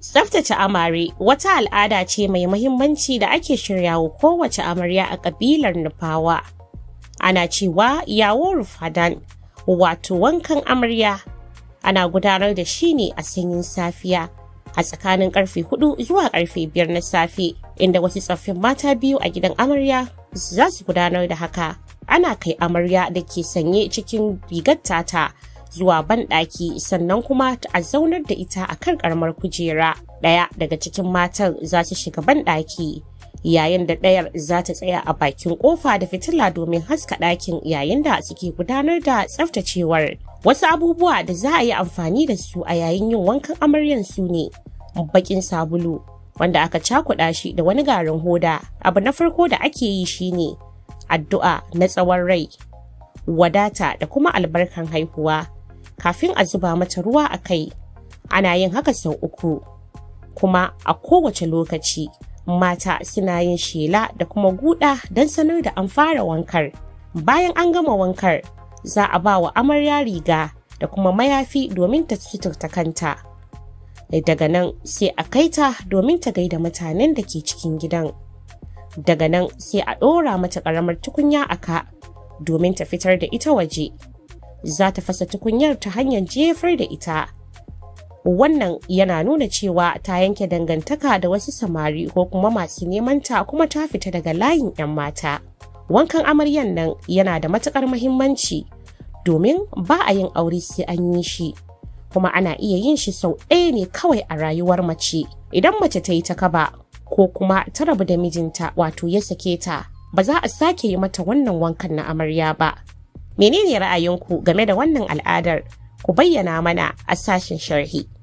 Tsaftace amare wata al'ada ce mai muhimmanci da ake shiryawa kowace amarya a ƙabilar Nufawa. Ana cewa yawo rufadan wato wankan amarya ana gudanar da shi ne a sanyin safiya a tsakanin karfe 4 zuwa karfe 5 na safe inda wasu tsoffin mata biyu a gidan amarya za su gudanar da haka ana kai amarya da ke sanye cikin rigar tata zuwa banɗaki sannan kuma a zaunar da ita a kan karamar kujera ɗaya daga cikin matan za su shiga banɗaki yayin da ɗayar za ta tsaya a bakin ƙofa da fitila domin haska ɗakin yayin da suke gudanar da tsaftacewar Wasu abubuwa da za a yi amfani da su a yayin yin wankan amaryan su ne bakin sabulu wanda aka cakuɗa shi da wani garin hoda. Abu na farko da ake yi shine addu'a na tsawon rai, wadata da kuma albarkan haihuwa kafin a zuba mata ruwa a kai. Ana yin haka sau uku, kuma a kowace lokaci mata suna yin shela da kuma guda don sanar da an fara wankar. Bayan an gama wankar, za a ba wa amarya riga da kuma mayafi domin ta ta kanta. Daga nan sai a kai ta domin ta gaida mutanen da ke cikin gidan. Daga nan sai a ɗora mata ƙaramar tukunya a ka domin ta fitar da ita waje. Za ta fasa tukunyar ta hanyar jefar da ita. Wannan yana nuna cewa ta yanke dangantaka da wasu samari ko kuma masu nemanta kuma ta fita daga layin 'yan mata. Wankan amaryan nan yana da matuƙar muhimmanci. domin ba a yin aure sai an yi shi kuma ana iya yin shi sau ɗaya ne kawai a rayuwar mace idan mace ta yi ta kaba ko kuma ta rabu da mijinta wato ya sake ta ba za a sake yi mata wannan wankan na amarya ba menene ra'ayinku game da wannan al'adar ku bayyana mana a sashen sharhi